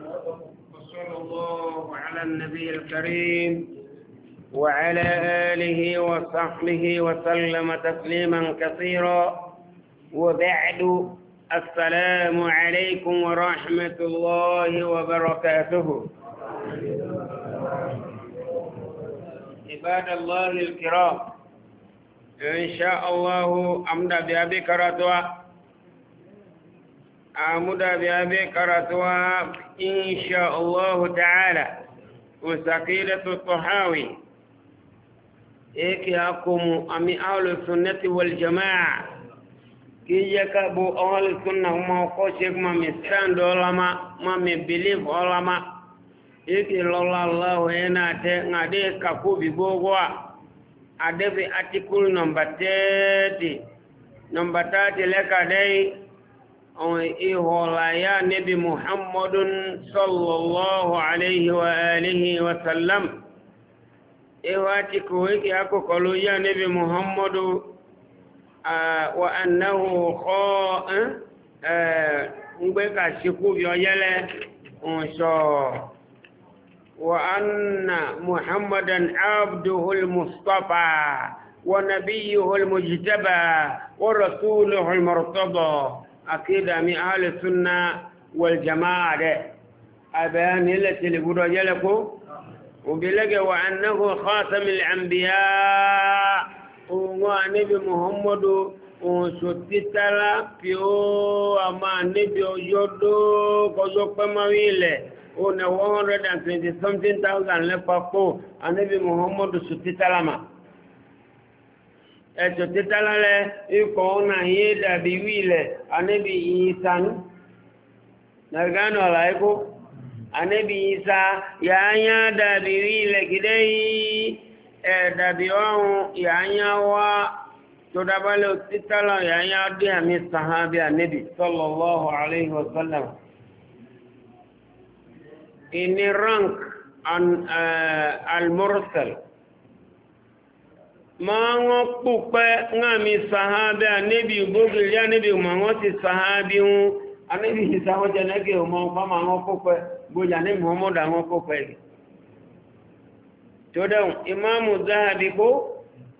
وصلى الله على النبي الكريم وعلى آله وصحبه وسلم تسليما كثيرا وبعد السلام عليكم ورحمة الله وبركاته عباد الله الكرام إن شاء الله أمد بأبي كرتوا amuda biabe karatuwa insha Allah ta'ala usaqilatu tahawi eki akumu ami ahlu sunnati wal jamaa kije kabu ahlu sunna huma ko sheikh ma mistand olama ma me believe olama eki lola Allah ena te ngade kakubi bogwa adebi article number 30 number 30 leka dai إيهولايا نبي محمد صلى الله عليه وآله وسلم إيهاتي كويك أكو قلويا نبي محمد آه وأنه خاء نبيك الشكوب يجلى إنشاء وأن محمدا عبده المصطفى ونبيه المجتبى ورسوله المرتضى akida mi ahli sunna wal jamaa de abayan ile tilibudo jele ko ubilege wa annahu khatamul anbiya unwa nabi muhammadu osotitala pio ama nabi oyodo kozo pemawile one 120 something thousand lepapo anabi muhammadu sotitala ma ẹ̀tọ̀ títà lálẹ́ ikọ̀ ọ̀nà yíé dàbí wílẹ̀ anẹ́bí ìyíta nú nàìgánà ọ̀là ikú anẹ́bí ìyíta yàáyá dàbí wílẹ̀ gidẹ́ yìí ẹ̀ dàbí ọ̀hún yàáyá wá tó dábálẹ̀ títà lọ yàáyá dé àmì sàhábí anẹ́bí sallallahu alayhi wa sallam ìní rank al-mursal. maŋɔ kpukpɛ ŋa mi sahabi anabi gbogili anabi maŋɔ ti sahabi ŋu anabi isaho jɛnɛ ke o maŋɔ ba maŋɔ kpukpɛ gbogili anabi muhammadu aŋɔ kpukpɛ ke to dɛw imaamu zahabi ko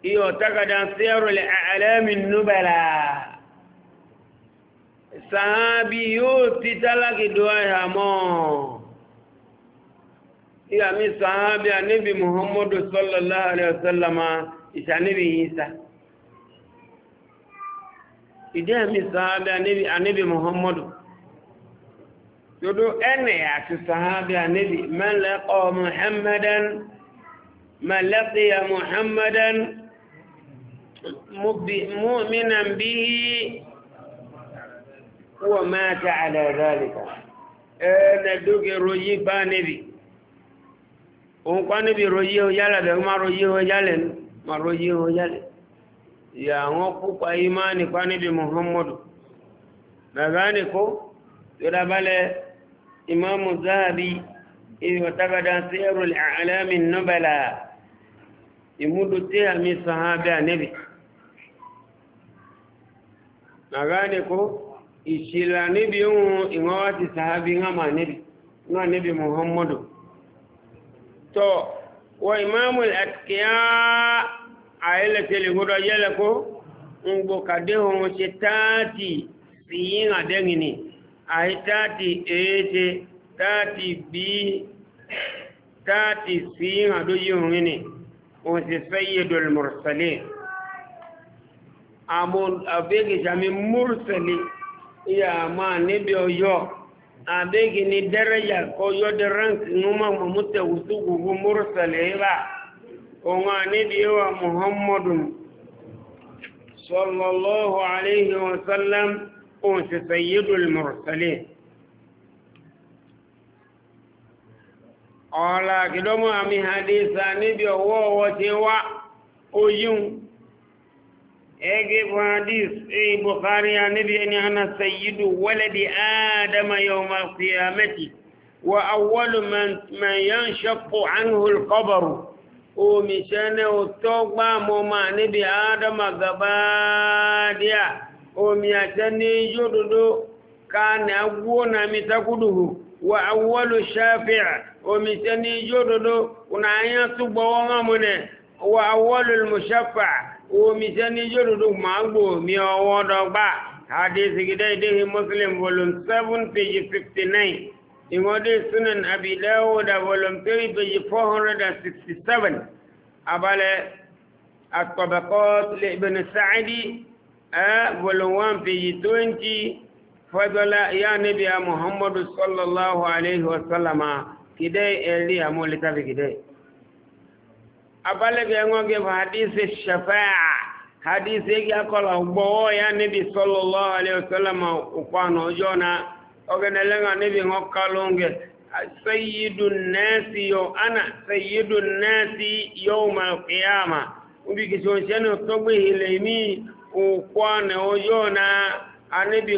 iyo takada seeruli alami nubala sahabi yoo sallallahu alaihi ìsànẹ́bì yínsá ìdí ẹ̀mí sàábẹ́ anẹ́bì muhammadu dodo ẹnẹ̀ àti sàábẹ́ anẹ́bì mẹ́lẹ́kọ́ muhammadan mẹ́lẹ́kíyà muhammadan mu'minan bihi wa mata ala zalika ẹnẹ̀ dókè rojí bá anẹ́bì òun kọ́ anẹ́bì rojí ó yálà bẹ̀rún má rojí ó yálẹ̀ nù maro yi ho yale ya ngo ku kwa imani kwa nabi muhammad nadhani ko yule bale imam zahabi ili watakada siru al-a'lami an-nubala imudu tia mi sahaba nabi nadhani ko ìṣìlà níbi ohun ìwọ́n wá ti sàábí hàn mà níbi náà níbi muhammadu tọ́ وإمام الأتقياء عائلة الهدى جلكو ngbo kade homo se tati siyin adengini ahi tati ete tati bi tati siyin adoji hongini on se sayyidul mursalin amon abegi jami mursali iya ma nebe oyo abegi ni daraja ko yode rank numa mo mutta wusugu go mursale ba o ma ne diwa muhammadu sallallahu alaihi wa sallam o se sayyidul mursalin ọ̀la kìdọ́mọ́ àmì hadisa níbi ọwọ́ ọwọ́ ti wá oyún ege bu hadis e bukhari anabi ani ana sayyidu waladi adama yawm alqiyamati wa awwalu man man yanshaqu anhu alqabr o mi shane o togba mo ma anabi adama gabadia o mi atani jododo kana agwona mitakuduhu wa awwalu shafi'a o mi shane una ayan tugbo wa awwalu almushaffa omi sẹ́ni yóòdòdó máa gbò mí ọwọ́ dọ́gbà àdéṣigidẹ́ ìdéhe muslim volume seven page fifty nine ìwọ́dé sunan abidawuda volume three page four hundred and sixty seven abalẹ̀ atọ̀bẹ̀kọ́ ibẹ̀nù sáàdì ẹ̀ volume one page twenty fọdọ́lá ìyá níbi muhammadu sallallahu alayhi wa sallama kìdẹ́ ẹ̀rí àmúlítàbí kìdẹ́. abalị ẹ̀wọ̀n gẹ̀ fún hadisi ṣẹfẹ́ à hadisi akọla akọ́là gbọ́wọ́ ya níbi sọ́lọ́lọ́ alẹ́sọ́lọ́mà òpànà ọjọ́ na ọgẹ́nẹ̀lẹ́gà níbi wọn kálóńgẹ̀ sayidu nẹ́ẹ̀sì yo ana sayidu nẹ́ẹ̀sì yóò mà na níbi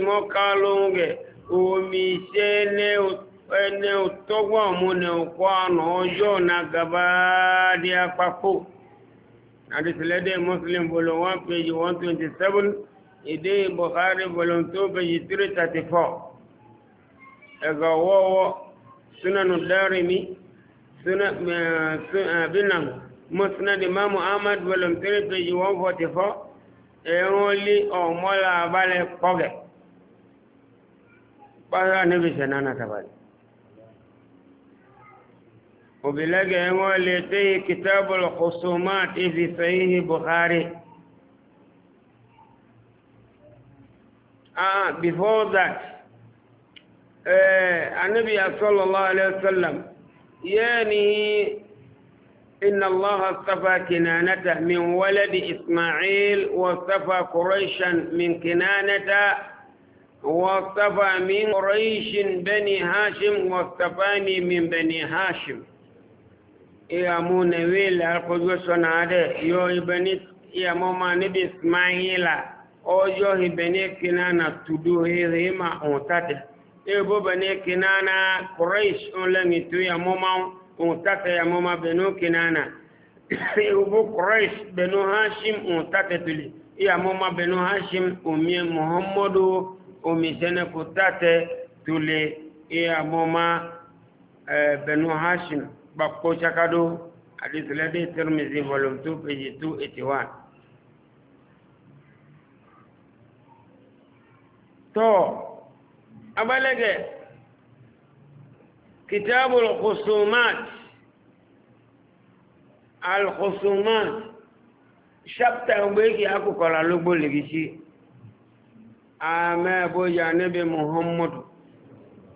ẹni tọ́gbọ́n mú ni ọkọ̀ àná ọjọ́ na gaba di apapò àdìsílẹ́dẹ̀ muslim bolo one page one twenty seven èdè buhari bolo two page three thirty four ẹ̀gà wọ́wọ́ sunanu darimi sunan eh, eh, musnad imam ahmad bolo three page one forty four ẹ̀rùn lé ọ̀mọ́lá abalẹ̀ kọ́gẹ̀. Báyọ̀ níbi ìṣẹ̀nà náà tàbálẹ̀. وبلغ ولديه كتاب الخصومات في صحيح بخاري Ah, before that, آه، النبي صلى الله عليه وسلم يعني إن الله اصطفى كنانته من ولد إسماعيل واصطفى قريشا من كنانته واصطفى من قريش بني هاشم واصطفاني من بني هاشم iyamu na wele akpọjọ sọ na adị yọ ibe ni iyamu ma ni bi smahila ọjọ ibe ni kina na tudu hihi ma ụtate ebo bene kina na kureish nlengi tu iyamu ma ụtate iyamu ma benu kina na ebo kureish benu hashim ụtate tuli iyamu ma benu hashim umie muhammadu umisene kutate tuli iyamu ma eh, benu hashim bakko chakado hadith ladi tirmizi volume 2 page 281 to abalege kitabu al-khusumat al-khusumat chapter mbeki akukola lugbo ligisi amebo ya nabi muhammad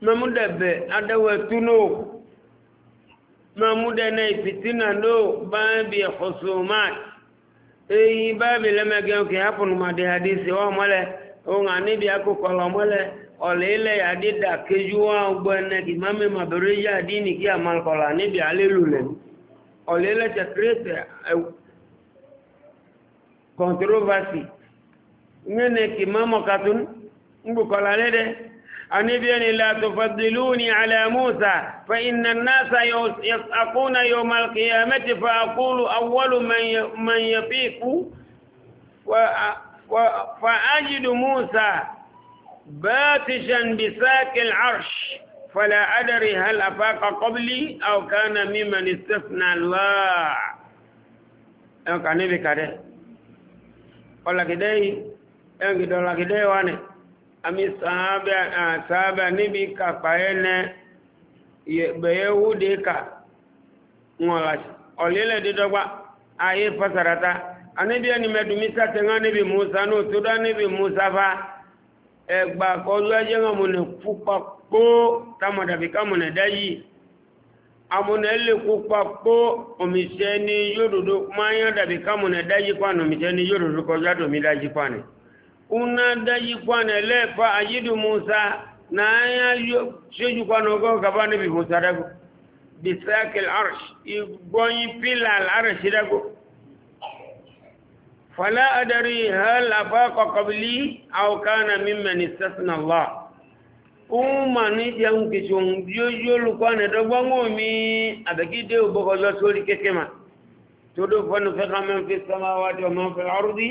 mamudabe adawa tuno mamudana fitina do babi khusumat eyi babi lamage oke hapun made hadisi wa mole o ngani bi ako kolo mole ole ile ya dida kejuwa ogbene ki mame mabere ya dini ki amal kola ni bi alelule ole ile te create controversy ngene ki mamo katun mbukola lede أنبيني لا تفضلوني على موسى فإن الناس يسأقون يوم القيامة فأقول أول من من يفيق فأجد موسى باتشا بساك العرش فلا أدري هل أفاق قبلي أو كان ممن استثنى الله أو كان بكده قال لك دي أنك دولك دي وانه ami sahaba sahaba nibi ka paene beyewude ka ngola olele didogba aye fasarata anibi ani medumisa tenga nibi musa no tuda nibi musa fa egba kozu aje nga mune pupa ko tamada bika mune dayi amune le kupa ko omiseni yododo manya dabika mune dayi kwano omiseni yododo kozu adomi dayi kwano una daji kwana lepa ajidu Musa na aya sheju kwana go kabane bi Musa dago bisakil arsh igonyi pila al arsh dago fala adari hal afaqa qabli aw kana mimman istasna Allah umma ni jẹun kìsùn bí ó yóò lùkọ́ ànẹ́dọ́gbọ́n mi àbẹ̀kídé òbọ́kọ́ lọ sórí kékeré ma tó dó fọ́nù fẹ́ kàmẹ́ fi sọ́mọ́ wájú ọmọ fẹ́ lọ́rùdí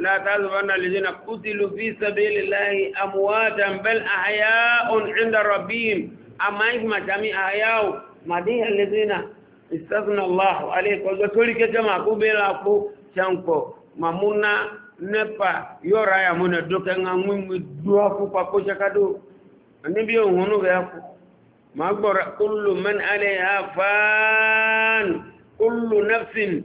لا تحسبن الذين قتلوا في سبيل الله امواتا بل أحياء عند ربهم أما اسم جميع احياء مديه الذين استثنى الله عليك وذلك كما قبل اكو شانكو مامونا nepa yora ya من doka nga mwimu duwa شكادو pakosha kadu anibi ohunu ga ku magbara kullu man alaiha fan kullu nafsin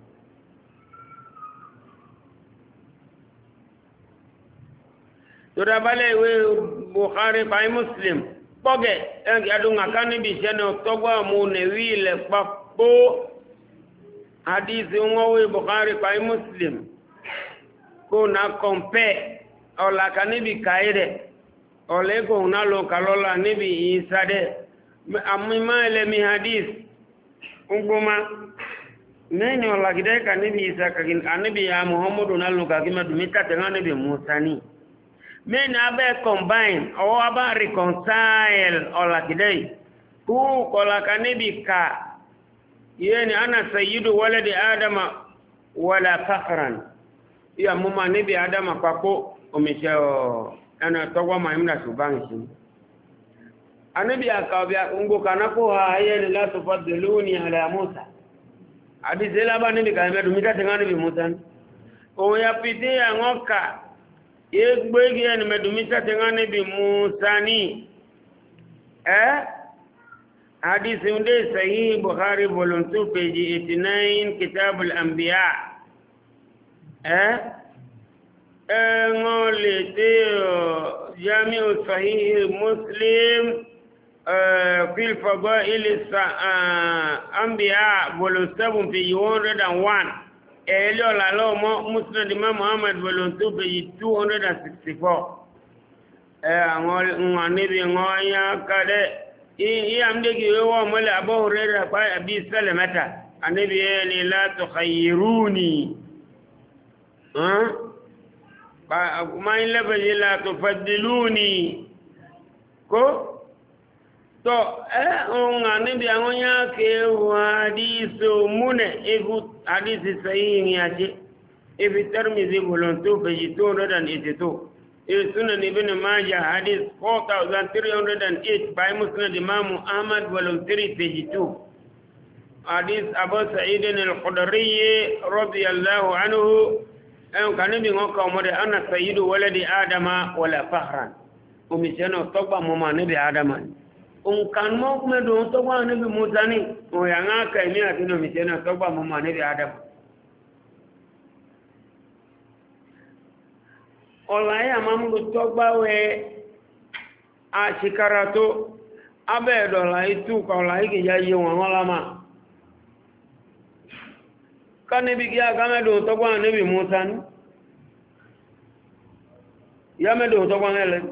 tora bale we bukhari pai muslim poge en yadu ngakani bi sene togwa mu ne wile papo hadithi ngowe bukhari pai muslim ko na kompe ola kanibi kaire ole ko kalola nibi isade mi nenyo la anibi ya muhammadu kakima dumita musani men abe combine o aba reconcile ola kidai ku kola kanibi yeni ana sayyidu waladi adama wala fakhran ya muma nibi adama kwako umesho, ana togwa maimna subangi anabi akawabia ungo kanako hayeni la tufadhiluni ala musa abi zela ba nibi kaambia dumita tengana bi musa o yapitia ngoka egbegi ẹni mẹdùmísà ti hàn níbi musani ẹ e? àdìsíndé sẹyìn buhari volume two page eighty nine kitabul ambiya ẹ ẹ wọn lè dé ọ jamiu sahih muslim ẹ e, fílfọgọ ilé sa ẹ ambiya volume seven one hundred and one ẹ̀ẹ́lẹ́ ọ̀la lọ́wọ́ mọ́ muslim imam muhammad tó bẹ̀yì 264 ẹ̀ àwọn ǹwà níbi wọn yá kádẹ́ ìyá mdégi wíwọ́ mọ́lẹ̀ abọ́hùrẹ́ rẹ̀ pa àbí sẹ́lẹ̀ mẹ́ta àníbi ẹ̀ ní látọ̀ kàyírúùnì máa ń lẹ́bẹ̀ẹ́ látọ̀ fàdìlúùnì kó tọ ẹ̀hùn àníbi àwọn yá kéwù àdíṣe òmúnẹ̀ ihu àdíṣe sẹ́yìn ìrìn àjẹ́ ibi tẹ́rìmìsì bùlọ̀ntó fèjì tó rẹ́dà ní ètò ìsúná ní ní máa yà àdíṣ 4308 by muslim imamu ahmad wàlọ̀ntírì fèjì tó àdíṣ abọ́sà ìdẹ́nì lọ́kọ̀dọ̀ríyé rọ́bì aláhu anuhu ẹ̀hùn kàníbi wọn kà ọmọdé ana sayidu wọlé di adama wọlé fahran omi sẹ́nà tọ́gbà mọ́mọ́ níbi adama ni nkan mọ́ kúmẹ́ dùn tó gbá níbi musa ní òyà ń áka ẹ̀mí àti nà mìtẹ́ náà tó gbà níbi adam ọ̀la yà máa ń lo tó gbá wẹ àṣìkára tó abẹ́ ẹ̀dọ̀la itú ka ọ̀la yìí kìí yẹ wọn wọn lámà ká níbi kí akámẹ́ dùn tó níbi musa ní yá dùn tó níbi musa ní.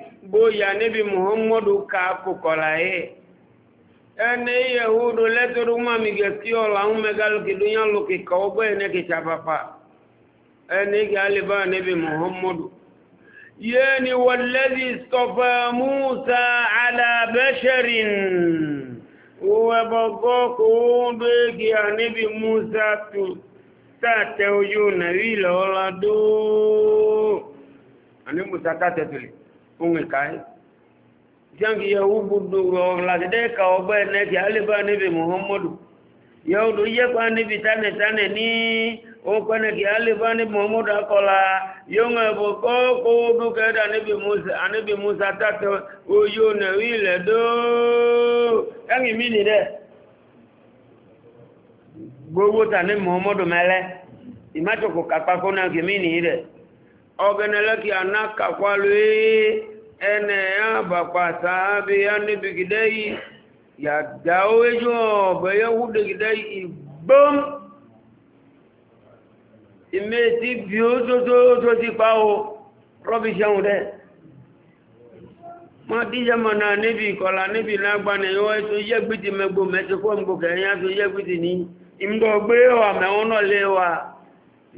bóyá níbi muhammadu ká kòkọ̀lá yẹ ẹni yahudu lẹ́tọ́rọ mami gẹ̀kí ọ̀la ń mẹ́gàlù kìdúnyà lókè kọ́ bẹ́ẹ̀ ní kìtà pàpà ẹni gàlíbà níbi muhammadu yéeni wàlẹ́dì sọfà musa alábẹ́ṣẹ̀rin wẹ́bọ̀gọ́ kò ń bẹ́ẹ̀kì níbi musa tù tààtẹ̀ ojú nàrí lọ́la dóò àní musa tààtẹ̀ tùlẹ̀ fún ìkáyé jẹ́ǹkì yẹ̀wú gbogbo ọ̀làdídẹ́ ka ọgbẹ́ ẹ̀nẹ́kì alẹ́bá níbi muhammadu yẹ̀wùdó yẹ́pa níbi tánẹ̀tánẹ̀ ní ọkọ̀ẹ́nẹ́kì alẹ́bá níbi muhammadu akọ́la yóò ẹ̀bọ̀ kọ́kọ́ dúkẹ́dà níbi musa tàtọ̀ oyó nẹ̀wí ilẹ̀ dóó ẹ̀yìn mí nìdẹ́ gbogbo tà ní muhammadu mẹ́lẹ́ ìmájọkọ̀ kápákọ́ náà kì mí nìyí rẹ̀ ọgẹnẹ lẹkì anákàkwalóe ẹnẹ abàpàtà bí anibigidẹ yìí yàdá ojú ọbẹ yẹwù dègidẹ yìí gbọm ìmẹtì bí ó tótótó ti pa o rọbìṣẹ ń dẹ mọ díjẹ mọ náà níbi ìkọlà níbi lágbàna yọ ètò yẹgbìtì mẹgbò mẹtìkọ mgbò kẹyìn àti yẹgbìtì ní ìmúdọgbé wà mẹwọn náà lé wa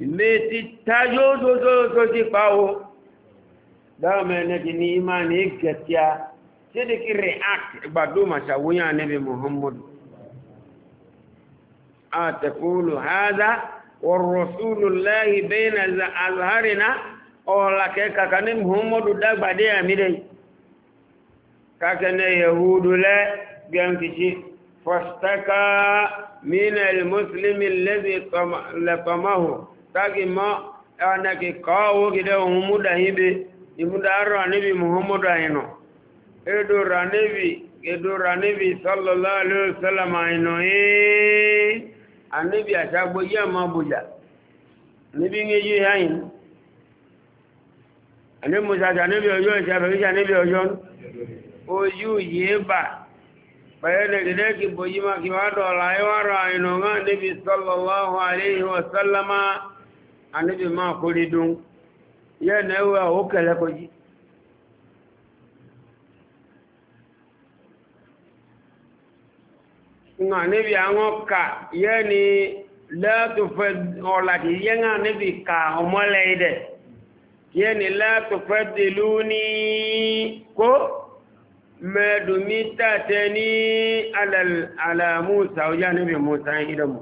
ìmẹ́tí tájó tó ti pa o dáwọn ẹnẹ́dì ní ìmá ní gẹ̀tíà tí ó dìkí react gbàdó màṣàwóyàn níbi muhammadu àtẹ̀kúlù hádá wọ̀rọ̀súlù lẹ́yìn bẹ́yìn azharina ọ̀làkẹ́ kàkà ní muhammadu dágbàdé àmìdẹ̀ kàkà ní yahudu lẹ́ gẹ̀ǹkìṣí fọ́stákà mínà ilmùsùlùmí lẹ́bí lẹ́tọ̀máhùn taki ma ana ki kawo gida hun muda hibe imuda arra nabi muhammadu ayino edo ranebi edo ranebi sallallahu alaihi wasallam ayino eh anabi asagbo ya ma buja nabi ngeji hayin ani musa ta nabi ojo isa be isa nabi ojo oju yeba bayana gida ki boyima ki wa dola ay wara ayino nga nabi sallallahu alaihi wasallama anibi máa kuli dún yẹ́ na ẹwà ó kẹlẹ́ kọjí nga anibi àwọn ka yẹ́ ni lẹ́tùfẹ́ ọ̀làdì yẹ́ nga anibi ka ọmọlẹ́ idẹ̀ yẹ́ ni lẹ́tùfẹ́ tìlú ní ni mẹ́dùmí tàtẹ́ ní alàmúsà ọjọ́ anibi musa ìdánmù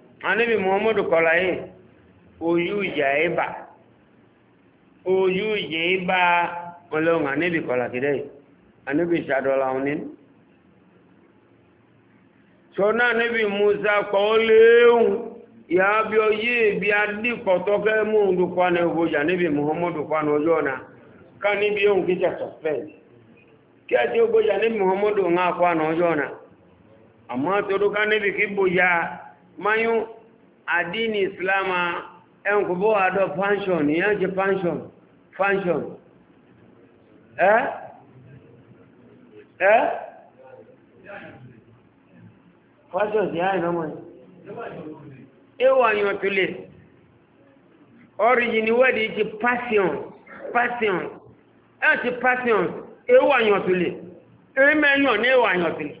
anibi muhammadu kọla yi oyu ìyà ìbà oyu ìyà ìbà ọlọ́run anibi kọla kìdẹ́ anibi ìṣàdọ́la òní ṣọ́nà anibi musa kọ́ léhùn ìyá bí ọyé bí adípọ̀tọ́kẹ́ mú òǹdùkọ́ ní ọgbọ̀jà muhammadu kwanu ọjọ́ náà ká níbi muhammadu mayu adini islama en ko bo ado pension ya je pension pension eh eh pension ya ina mo ewa ni matule origin word is passion passion eh passion ewa ni matule emenyo ni ewa ni matule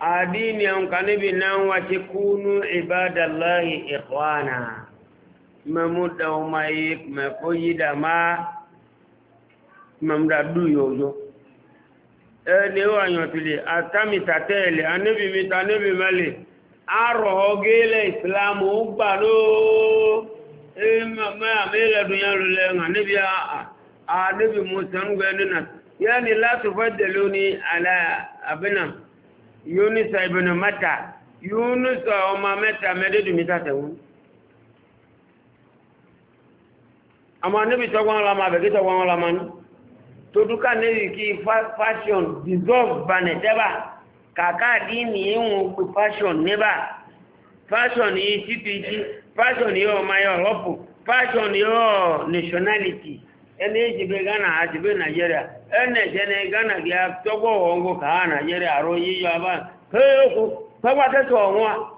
adini ankanibi nan wace kunu ibadallahi ikhwana mamuda umayi makoyi da ma mamuda du yoyo ẹni wà yọ̀tìlẹ̀ àtàmìtàtẹ́ẹ̀lẹ̀ anẹ́bìmìta anẹ́bìmẹ́lẹ̀ àrọ̀ gẹ́lẹ̀ ìsìlámù ó gbà lóòó ẹ̀mẹ́ àmì yunus ibn mata yunus ọmọ mẹta mẹdẹdùn mi tàtẹwọn àmọ níbi tọgbọn ọlọmọ àbẹkí tọgbọn ọlọmọ ní todúkà níbi kí fashion dissolve banẹ tẹba kàkà dí ní ìwọn pé fashion níbà fashion yìí títí fashion yìí ọmọ yìí ọlọpù fashion yìí ọ nationality ẹni èjì bẹ ghana àti bẹ nàìjíríà. ene jene gana gya togo hongo kana jere aro yiyo aba heyo pagwa teto onwa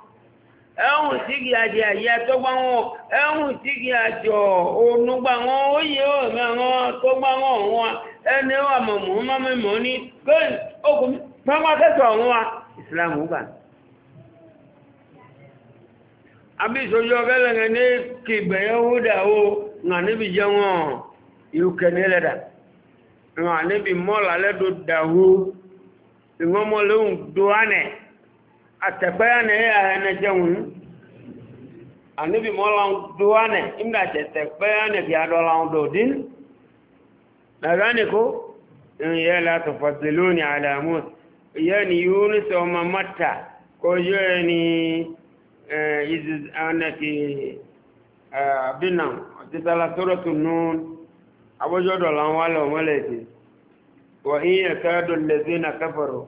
ehun sigi aje aye togba won ehun sigi ajo onugba won oye o me won togba won ene wa mo ma me mo ni onwa islam abi gele ne o ngani bi ìwọ̀n àníbi mọ́là lẹ́dọ̀ dàwó ìwọ̀n mọ́lẹ́hùn dùwánẹ̀ àtẹ̀pẹ́yànẹ̀ ẹ̀yà ẹ̀nẹ jẹun àníbi mọ́là dùwánẹ̀ ìmúdà tẹ̀tẹ̀pẹ́yànẹ̀ fi adọ́là dòdín lẹ́gbẹ́nìkó ìyẹ́ látọ̀ fọ́sílónì àdàmú ìyẹ́ ni yúnus ọmọ mọ́ta kọjú ẹ̀ ni ìzìzánẹ́kì bínà ọ̀títàlá sọ́rọ̀tún nùún abọ́jọ́dọ̀ làwọn wà lọ mọ́lẹ̀ tí wọ iye kẹ́ẹ̀dọ̀ lẹ́sí na kẹfọ̀rọ̀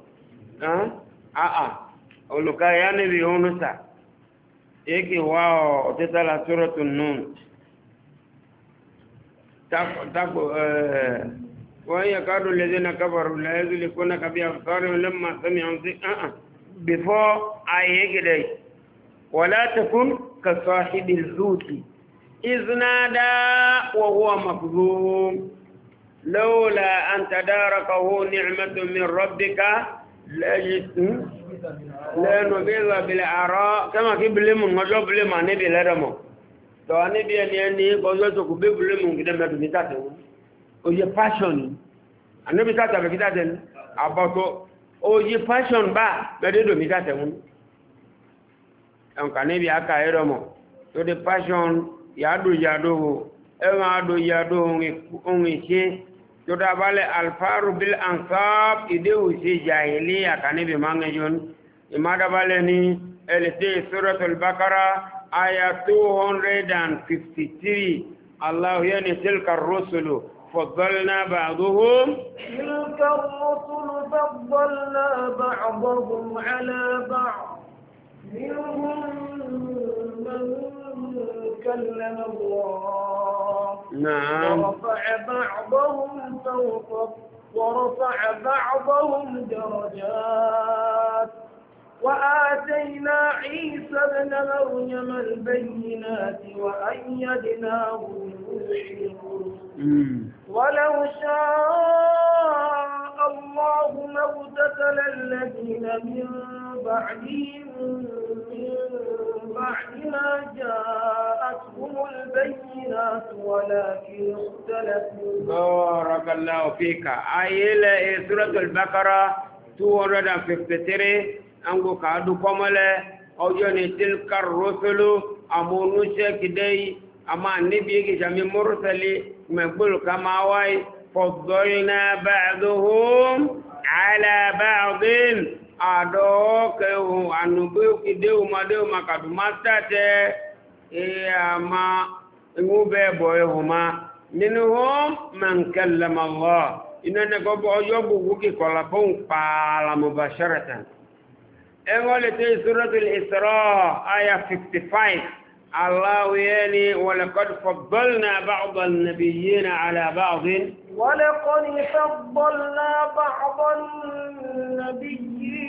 àà olùkà ya níbi oúnú sà yéèkì wá ọ̀tẹ́tàlá sọ́rọ̀tù nù tako wọ iye kẹ́ẹ̀dọ̀ lẹ́sí na kẹfọ̀rọ̀ lẹ́sí lè kóná kàbí àkọ́rọ̀ lẹ́mà sẹ́mi àwọn sí àà before ayé gidẹ̀ wọ́lá tẹkùn kẹsọ́ iznada wa huwa mafzum لولا أن تداركه نعمة من ربك لنبذ بالعراء كما كبل من وجب لما نبي لرمو تو نبي أن يعني قوزو تكو ببل من كده ما تنتاته ويا passion النبي تاتا بكتاتن أبطو oye fashion ba gbẹdẹ domi ta tẹun ẹnka níbi aka ẹrọ mọ tó de fashion yàdùjàdùhù ẹ̀wọ̀n àdùjàdùhù ohun ìṣe tó dábálẹ̀ alfaru bil ansab ìdéhù sí jàìlì àkànníbi mangajon ìmádábálẹ̀ ní ẹlẹ́tẹ́ suratul bakara aya 253 allah yẹni tilka rusulu فضلنا بعضهم تلك الرسل فضلنا بعضهم على بعض منهم كلم الله نعم ورفع بعضهم فوق ورفع بعضهم درجات وآتينا عيسى ابن مريم البينات وأيدناه بروح ولو شاء الله ما اغتسل الذين من بعدهم بعد ما جاءتهم البينات ولكن اختلفوا بارك الله فيك آية سورة البقرة 253 أنغو كادو كمالة أجوني تلك الرسل أمونوشة كدي أما النبي كشامي مرسلي مقبول كما واي فضلنا بعضهم على بعض àdọ́ọ̀kẹ́ ohun ànùgbé òkèdè òmàdé òmàkàbí máta tẹ́ àmà ìwúbẹ̀ ẹ̀bọ̀ ẹ̀hùn ma nínú wọn mẹ́ǹkẹ́lẹ̀mọ̀lọ́ iná nẹ́kọ́bọ̀ ọjọ́ gbogbo kíkọ̀lá fún pààlàmùbà ṣẹ́rẹ̀tàn ẹ̀wọ́n lè tẹ́ ìṣúrọ́tìlì ìṣòro àyà 55 aláwìyẹ́ni wọlẹ̀kọ́d fọ̀bọ́lná báwọn nàbí yìí na àlàbáwọn wọlẹ̀kọ́d fọ̀bọ́lná báwọn nàbí yìí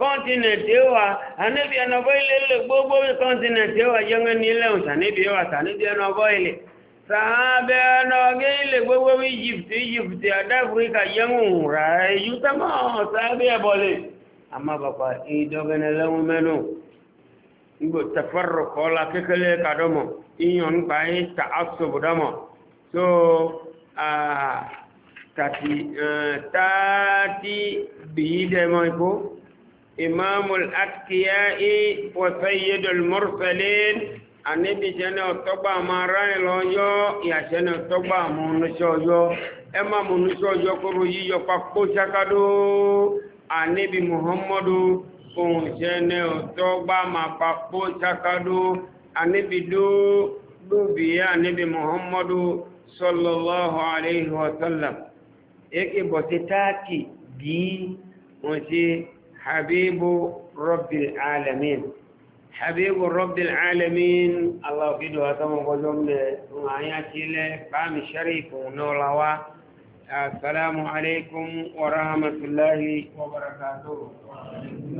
kọ́ntínẹ̀tì wa àníbi ẹnàbọ́ ilé lè gbogbo kọ́ntínẹ̀tì wa yẹngẹ́ ní ilẹ̀ òsàníbi wa sàníbi ẹnàbọ́ ilé sàábẹ́ ẹnàgẹ́ ilé gbogbo egypt egypt adáfíríkà yẹngùn rà ẹ̀yú tẹ́mọ̀ sàábẹ́ ẹ̀bọ̀lẹ̀ àmàbàpà ìdọ́gẹ́nẹlẹ́wọ̀n mẹ́nu igbó tẹfẹ́rù kọ́lá kékeré so tàti eh, tàti bìí dẹ́mọ̀ ikú. إمام الأتقياء وسيد المرسلين anibi jẹni ọtọgba máa ráyìn lọyọ ìyàṣẹni ọtọgba àmúnúṣẹ ọyọ ẹ má múnúṣẹ ọyọ kóró yíyọ papò ṣakadó anibi muhammadu òun jẹni ọtọgba máa papò ṣakadó anibi dó dóbìyà anibi muhammadu sọlọlọhùn àlehi wasalam èkè bọ̀tí táàkì bíi wọn ṣe. حبيب رب العالمين حبيب رب العالمين الله في دعاء كما قلنا معايا كيله قام ونولوا السلام عليكم ورحمة الله وبركاته